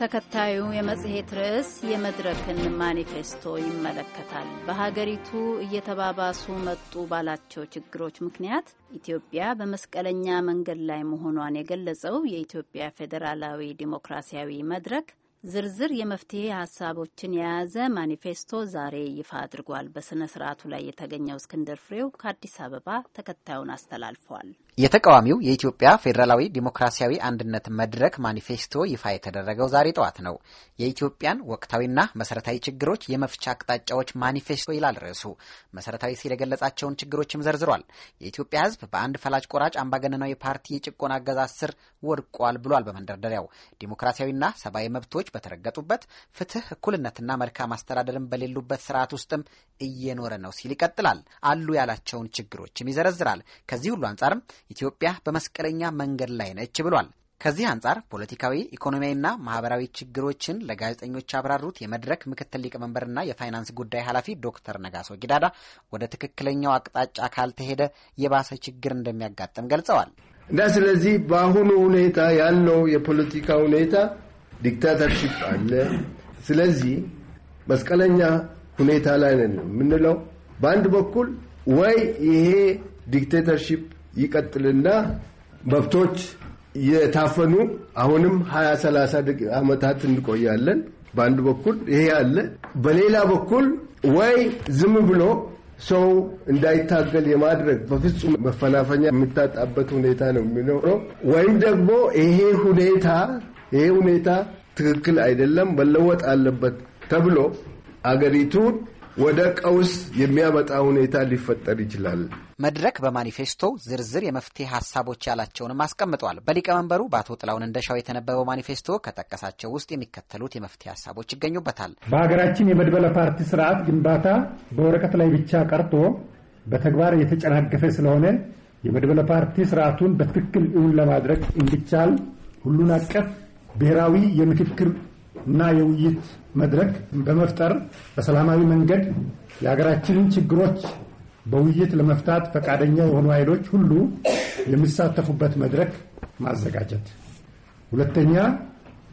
ተከታዩ የመጽሔት ርዕስ የመድረክን ማኒፌስቶ ይመለከታል። በሀገሪቱ እየተባባሱ መጡ ባላቸው ችግሮች ምክንያት ኢትዮጵያ በመስቀለኛ መንገድ ላይ መሆኗን የገለጸው የኢትዮጵያ ፌዴራላዊ ዲሞክራሲያዊ መድረክ ዝርዝር የመፍትሄ ሀሳቦችን የያዘ ማኒፌስቶ ዛሬ ይፋ አድርጓል። በሥነ ሥርዓቱ ላይ የተገኘው እስክንድር ፍሬው ከአዲስ አበባ ተከታዩን አስተላልፏል። የተቃዋሚው የኢትዮጵያ ፌዴራላዊ ዲሞክራሲያዊ አንድነት መድረክ ማኒፌስቶ ይፋ የተደረገው ዛሬ ጠዋት ነው። የኢትዮጵያን ወቅታዊና መሰረታዊ ችግሮች የመፍቻ አቅጣጫዎች ማኒፌስቶ ይላል ርዕሱ። መሰረታዊ ሲል የገለጻቸውን ችግሮችም ዘርዝሯል። የኢትዮጵያ ሕዝብ በአንድ ፈላጭ ቆራጭ አምባገነናዊ ፓርቲ የጭቆና አገዛዝ ስር ወድቋል ብሏል። በመንደርደሪያው ዲሞክራሲያዊና ሰብአዊ መብቶች በተረገጡበት፣ ፍትህ፣ እኩልነትና መልካም አስተዳደርን በሌሉበት ስርዓት ውስጥም እየኖረ ነው ሲል ይቀጥላል። አሉ ያላቸውን ችግሮችም ይዘረዝራል። ከዚህ ሁሉ አንጻርም ኢትዮጵያ በመስቀለኛ መንገድ ላይ ነች ብሏል። ከዚህ አንጻር ፖለቲካዊ ኢኮኖሚያዊና ማህበራዊ ችግሮችን ለጋዜጠኞች ያብራሩት የመድረክ ምክትል ሊቀመንበርና የፋይናንስ ጉዳይ ኃላፊ ዶክተር ነጋሶ ጊዳዳ ወደ ትክክለኛው አቅጣጫ ካልተሄደ የባሰ ችግር እንደሚያጋጥም ገልጸዋል። እና ስለዚህ በአሁኑ ሁኔታ ያለው የፖለቲካ ሁኔታ ዲክታተርሺፕ አለ። ስለዚህ መስቀለኛ ሁኔታ ላይ ነን የምንለው በአንድ በኩል ወይ ይሄ ዲክቴተርሽፕ ይቀጥልና መብቶች የታፈኑ አሁንም ሀያ ሰላሳ ዓመታት እንቆያለን። በአንድ በኩል ይሄ አለ። በሌላ በኩል ወይ ዝም ብሎ ሰው እንዳይታገል የማድረግ በፍጹም መፈናፈኛ የሚታጣበት ሁኔታ ነው የሚኖረው። ወይም ደግሞ ይሄ ሁኔታ ይሄ ሁኔታ ትክክል አይደለም፣ መለወጥ አለበት ተብሎ አገሪቱን ወደ ቀውስ የሚያመጣ ሁኔታ ሊፈጠር ይችላል። መድረክ በማኒፌስቶ ዝርዝር የመፍትሄ ሀሳቦች ያላቸውንም አስቀምጠዋል። በሊቀመንበሩ በአቶ ጥላውን እንደሻው የተነበበው ማኒፌስቶ ከጠቀሳቸው ውስጥ የሚከተሉት የመፍትሄ ሀሳቦች ይገኙበታል። በሀገራችን የመድበለ ፓርቲ ስርዓት ግንባታ በወረቀት ላይ ብቻ ቀርቶ በተግባር የተጨናገፈ ስለሆነ የመድበለ ፓርቲ ስርዓቱን በትክክል እውን ለማድረግ እንዲቻል ሁሉን አቀፍ ብሔራዊ የምክክር እና የውይይት መድረክ በመፍጠር በሰላማዊ መንገድ የሀገራችንን ችግሮች በውይይት ለመፍታት ፈቃደኛ የሆኑ ኃይሎች ሁሉ የሚሳተፉበት መድረክ ማዘጋጀት። ሁለተኛ፣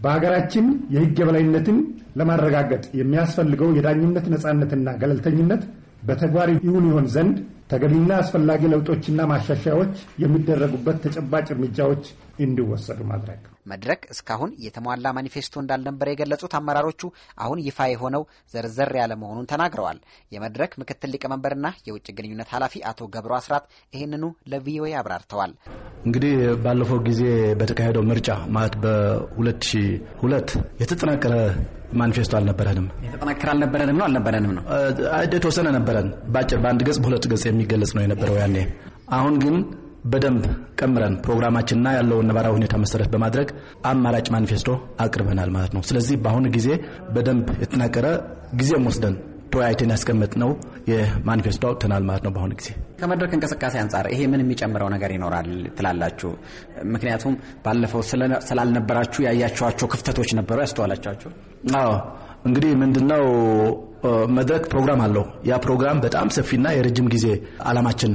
በሀገራችን የሕግ የበላይነትን ለማረጋገጥ የሚያስፈልገው የዳኝነት ነፃነትና ገለልተኝነት በተግባር ይሁን ይሆን ዘንድ ተገቢና አስፈላጊ ለውጦችና ማሻሻያዎች የሚደረጉበት ተጨባጭ እርምጃዎች እንዲወሰዱ ማድረግ። መድረክ እስካሁን የተሟላ ማኒፌስቶ እንዳልነበረ የገለጹት አመራሮቹ አሁን ይፋ የሆነው ዘርዘር ያለ መሆኑን ተናግረዋል። የመድረክ ምክትል ሊቀመንበርና የውጭ ግንኙነት ኃላፊ አቶ ገብሩ አስራት ይህንኑ ለቪኦኤ አብራርተዋል። እንግዲህ ባለፈው ጊዜ በተካሄደው ምርጫ ማለት በ2002 የተጠናቀረ ማኒፌስቶ አልነበረንም። የተጠናከረ አልነበረንም ነው አልነበረንም ነው የተወሰነ ነበረን። በአጭር በአንድ ገጽ በሁለት ገጽ የሚገለጽ ነው የነበረው ያኔ። አሁን ግን በደንብ ቀምረን ፕሮግራማችንና ያለውን ነባራዊ ሁኔታ መሰረት በማድረግ አማራጭ ማኒፌስቶ አቅርበናል ማለት ነው። ስለዚህ በአሁኑ ጊዜ በደንብ የተጠናቀረ ጊዜም ወስደን ተወያይተን ነው የማኒፌስቶ አውጥተናል ማለት ነው። በአሁኑ ጊዜ ከመድረክ እንቅስቃሴ አንጻር ይሄ ምን የሚጨምረው ነገር ይኖራል ትላላችሁ? ምክንያቱም ባለፈው ስላልነበራችሁ ያያችኋቸው ክፍተቶች ነበሩ ያስተዋላችኋቸው? አዎ እንግዲህ ምንድነው መድረክ ፕሮግራም አለው። ያ ፕሮግራም በጣም ሰፊና የረጅም ጊዜ አላማችን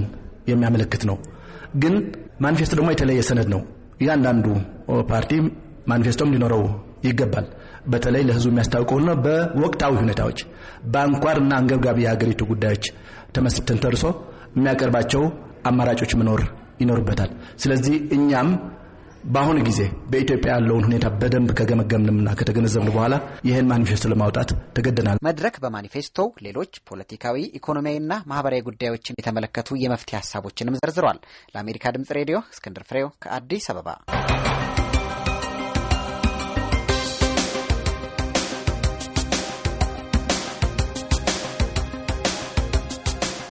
የሚያመለክት ነው። ግን ማኒፌስቶ ደግሞ የተለየ ሰነድ ነው። እያንዳንዱ ፓርቲ ማኒፌስቶም ሊኖረው ይገባል። በተለይ ለህዝቡ የሚያስታውቀውና በወቅታዊ ሁኔታዎች በአንኳርና አንገብጋቢ የሀገሪቱ ጉዳዮች ተመስርተን ተርሶ የሚያቀርባቸው አማራጮች መኖር ይኖርበታል። ስለዚህ እኛም በአሁኑ ጊዜ በኢትዮጵያ ያለውን ሁኔታ በደንብ ከገመገምንምና ከተገነዘብን በኋላ ይህን ማኒፌስቶ ለማውጣት ተገደናል። መድረክ በማኒፌስቶው ሌሎች ፖለቲካዊ፣ ኢኮኖሚያዊና ማህበራዊ ጉዳዮችን የተመለከቱ የመፍትሄ ሀሳቦችንም ዘርዝሯል። ለአሜሪካ ድምጽ ሬዲዮ እስክንድር ፍሬው ከአዲስ አበባ